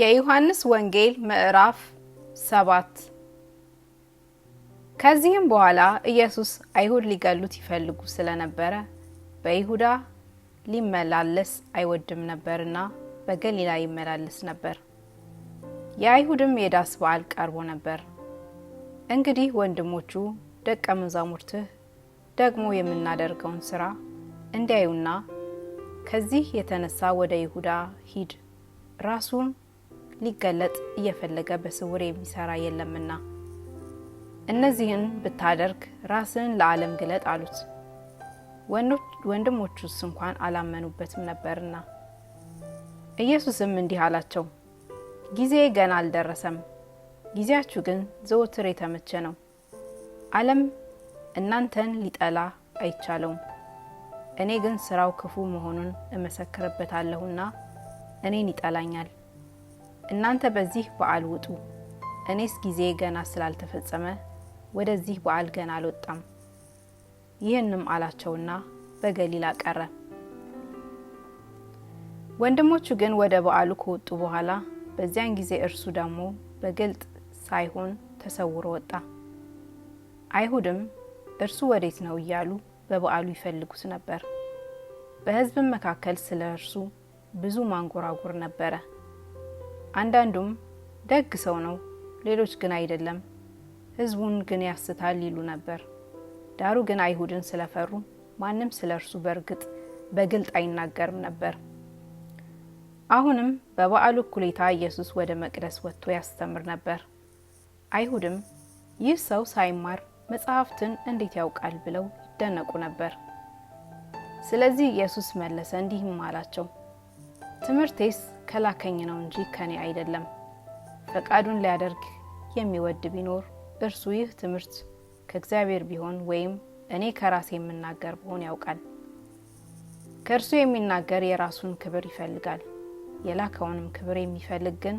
የዮሐንስ ወንጌል ምዕራፍ ሰባት ከዚህም በኋላ ኢየሱስ አይሁድ ሊገሉት ይፈልጉ ስለነበረ በይሁዳ ሊመላለስ አይወድም ነበርና በገሊላ ይመላለስ ነበር። የአይሁድም የዳስ በዓል ቀርቦ ነበር። እንግዲህ ወንድሞቹ ደቀ መዛሙርትህ ደግሞ የምናደርገውን ስራ እንዲያዩና ከዚህ የተነሳ ወደ ይሁዳ ሂድ ራሱን ሊገለጥ እየፈለገ በስውር የሚሰራ የለምና እነዚህን ብታደርግ ራስን ለዓለም ግለጥ አሉት። ወንድሞቹስ እንኳን አላመኑበትም ነበርና። ኢየሱስም እንዲህ አላቸው፣ ጊዜ ገና አልደረሰም፣ ጊዜያችሁ ግን ዘወትር የተመቸ ነው። አለም እናንተን ሊጠላ አይቻለውም፣ እኔ ግን ስራው ክፉ መሆኑን እመሰክርበታለሁና እኔን ይጠላኛል። እናንተ በዚህ በዓል ውጡ፣ እኔስ ጊዜ ገና ስላልተፈጸመ ወደዚህ በዓል ገና አልወጣም። ይህንም አላቸውና በገሊላ ቀረ። ወንድሞቹ ግን ወደ በዓሉ ከወጡ በኋላ በዚያን ጊዜ እርሱ ደግሞ በግልጥ ሳይሆን ተሰውሮ ወጣ። አይሁድም እርሱ ወዴት ነው እያሉ በበዓሉ ይፈልጉት ነበር። በሕዝብም መካከል ስለ እርሱ ብዙ ማንጎራጉር ነበረ። አንዳንዱም ደግ ሰው ነው፣ ሌሎች ግን አይደለም፣ ህዝቡን ግን ያስታል ይሉ ነበር። ዳሩ ግን አይሁድን ስለፈሩ ማንም ስለ እርሱ በእርግጥ በግልጥ አይናገርም ነበር። አሁንም በበዓሉ እኩሌታ ኢየሱስ ወደ መቅደስ ወጥቶ ያስተምር ነበር። አይሁድም ይህ ሰው ሳይማር መጽሐፍትን እንዴት ያውቃል ብለው ይደነቁ ነበር። ስለዚህ ኢየሱስ መለሰ እንዲህም አላቸው፣ ትምህርቴስ ከላከኝ ነው እንጂ ከኔ አይደለም። ፈቃዱን ሊያደርግ የሚወድ ቢኖር እርሱ ይህ ትምህርት ከእግዚአብሔር ቢሆን ወይም እኔ ከራሴ የምናገር ብሆን ያውቃል። ከእርሱ የሚናገር የራሱን ክብር ይፈልጋል፣ የላከውንም ክብር የሚፈልግ ግን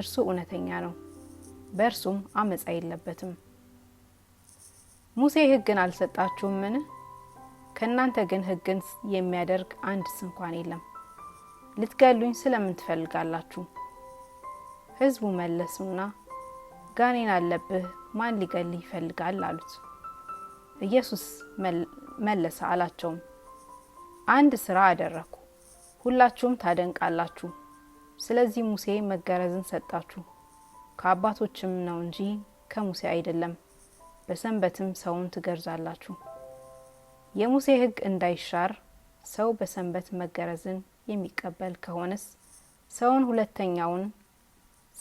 እርሱ እውነተኛ ነው፣ በእርሱም አመፃ የለበትም። ሙሴ ሕግን አልሰጣችሁምን? ከእናንተ ግን ሕግን የሚያደርግ አንድ ስንኳን የለም። ልትገሉኝ ስለምን ትፈልጋላችሁ? መለሱና ጋኔን አለብህ፣ ማን ሊገልህ ይፈልጋል አሉት። ኢየሱስ መለሰ አላቸውም፣ አንድ ስራ አደረግኩ፣ ሁላችሁም ታደንቃላችሁ። ስለዚህ ሙሴ መገረዝን ሰጣችሁ፣ ከአባቶችም ነው እንጂ ከሙሴ አይደለም። በሰንበትም ሰውን ትገርዛላችሁ። የሙሴ ህግ እንዳይሻር ሰው በሰንበት መገረዝን የሚቀበል ከሆነስ ሰውን ሁለተኛውን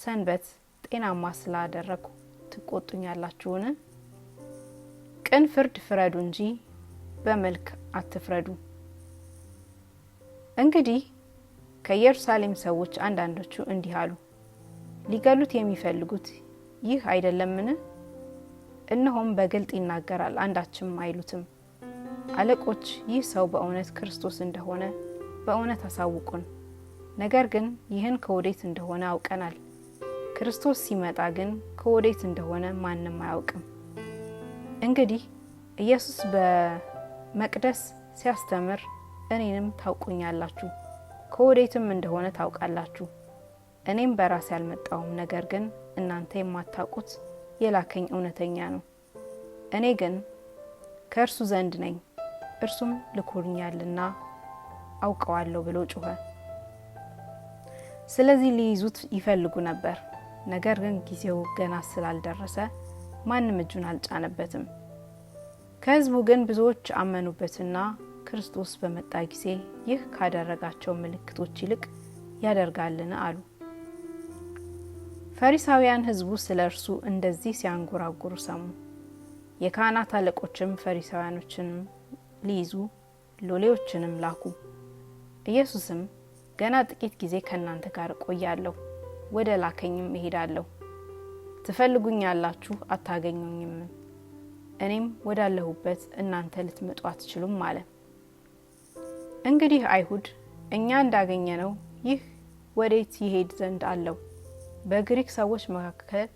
ሰንበት ጤናማ ስላደረግኩ ትቆጡኛላችሁን? ቅን ፍርድ ፍረዱ እንጂ በመልክ አትፍረዱ። እንግዲህ ከኢየሩሳሌም ሰዎች አንዳንዶቹ እንዲህ አሉ፣ ሊገሉት የሚፈልጉት ይህ አይደለምን? እነሆም በግልጥ ይናገራል፣ አንዳችም አይሉትም። አለቆች ይህ ሰው በእውነት ክርስቶስ እንደሆነ በእውነት አሳውቁን። ነገር ግን ይህን ከወዴት እንደሆነ አውቀናል፣ ክርስቶስ ሲመጣ ግን ከወዴት እንደሆነ ማንም አያውቅም። እንግዲህ ኢየሱስ በመቅደስ ሲያስተምር እኔንም ታውቁኛላችሁ፣ ከወዴትም እንደሆነ ታውቃላችሁ። እኔም በራሴ አልመጣሁም፣ ነገር ግን እናንተ የማታውቁት የላከኝ እውነተኛ ነው። እኔ ግን ከእርሱ ዘንድ ነኝ፣ እርሱም ልኮኛልና አውቀዋለሁ ብሎ ጮኸ። ስለዚህ ሊይዙት ይፈልጉ ነበር። ነገር ግን ጊዜው ገና ስላልደረሰ ማንም እጁን አልጫነበትም። ከህዝቡ ግን ብዙዎች አመኑበትና ክርስቶስ በመጣ ጊዜ ይህ ካደረጋቸው ምልክቶች ይልቅ ያደርጋልን አሉ። ፈሪሳውያን ህዝቡ ስለ እርሱ እንደዚህ ሲያንጎራጉሩ ሰሙ። የካህናት አለቆችም ፈሪሳውያኖችንም ሊይዙ ሎሌዎችንም ላኩ። ኢየሱስም ገና ጥቂት ጊዜ ከእናንተ ጋር ቆያለሁ ወደ ላከኝም እሄዳለሁ። ትፈልጉኛላችሁ፣ አታገኙኝም፣ እኔም ወዳለሁበት እናንተ ልትመጡ አትችሉም አለ። እንግዲህ አይሁድ እኛ እንዳገኘ ነው ይህ ወዴት ይሄድ ዘንድ አለው? በግሪክ ሰዎች መካከል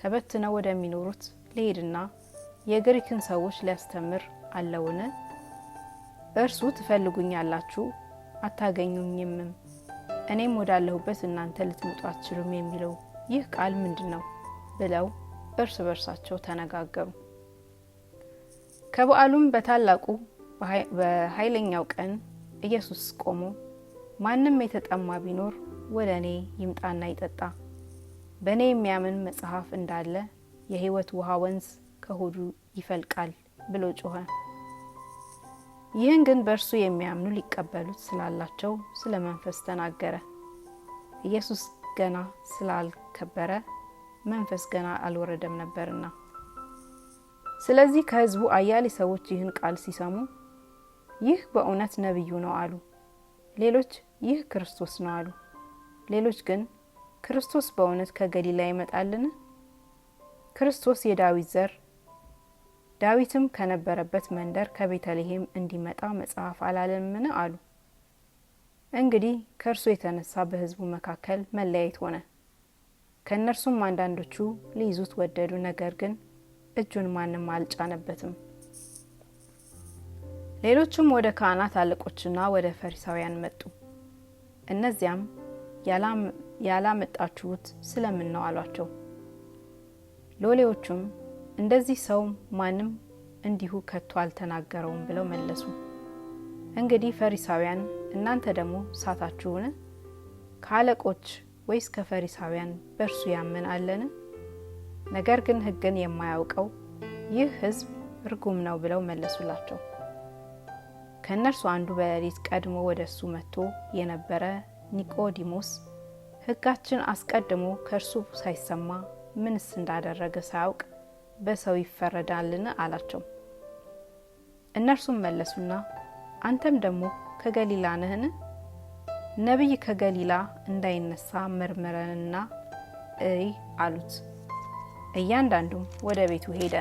ተበትነው ወደሚኖሩት ሊሄድና የግሪክን ሰዎች ሊያስተምር አለውን? እርሱ ትፈልጉኛላችሁ አታገኙኝምም፣ እኔም ወዳለሁበት እናንተ ልትመጡ አትችሉም የሚለው ይህ ቃል ምንድን ነው? ብለው እርስ በርሳቸው ተነጋገሩ። ከበዓሉም በታላቁ በኃይለኛው ቀን ኢየሱስ ቆሞ ማንም የተጠማ ቢኖር ወደ እኔ ይምጣና ይጠጣ፣ በእኔ የሚያምን መጽሐፍ እንዳለ የህይወት ውሃ ወንዝ ከሆዱ ይፈልቃል ብሎ ጮኸ። ይህን ግን በእርሱ የሚያምኑ ሊቀበሉት ስላላቸው ስለ መንፈስ ተናገረ። ኢየሱስ ገና ስላልከበረ መንፈስ ገና አልወረደም ነበርና። ስለዚህ ከህዝቡ አያሌ ሰዎች ይህን ቃል ሲሰሙ ይህ በእውነት ነቢዩ ነው አሉ። ሌሎች ይህ ክርስቶስ ነው አሉ። ሌሎች ግን ክርስቶስ በእውነት ከገሊላ ይመጣልን? ክርስቶስ የዳዊት ዘር ዳዊትም ከነበረበት መንደር ከቤተልሔም እንዲመጣ መጽሐፍ አላለምን አሉ። እንግዲህ ከእርሱ የተነሳ በሕዝቡ መካከል መለያየት ሆነ። ከእነርሱም አንዳንዶቹ ሊይዙት ወደዱ፣ ነገር ግን እጁን ማንም አልጫነበትም። ሌሎቹም ወደ ካህናት አለቆችና ወደ ፈሪሳውያን መጡ። እነዚያም ያላመጣችሁት ስለምን ነው አሏቸው። ሎሌዎቹም እንደዚህ ሰው ማንም እንዲሁ ከቶ አልተናገረውም ብለው መለሱ። እንግዲህ ፈሪሳውያን እናንተ ደግሞ ሳታችሁን? ከአለቆች ወይስ ከፈሪሳውያን በእርሱ ያምን አለን? ነገር ግን ህግን የማያውቀው ይህ ህዝብ ርጉም ነው ብለው መለሱላቸው። ከእነርሱ አንዱ በሌሊት ቀድሞ ወደ እሱ መጥቶ የነበረ ኒቆዲሞስ ህጋችን አስቀድሞ ከእርሱ ሳይሰማ ምንስ እንዳደረገ ሳያውቅ በሰው ይፈረዳልን አላቸው። እነርሱም መለሱና አንተም ደግሞ ከገሊላ ነህን? ነቢይ ከገሊላ እንዳይነሳ መርምረንና እይ አሉት። እያንዳንዱም ወደ ቤቱ ሄደ።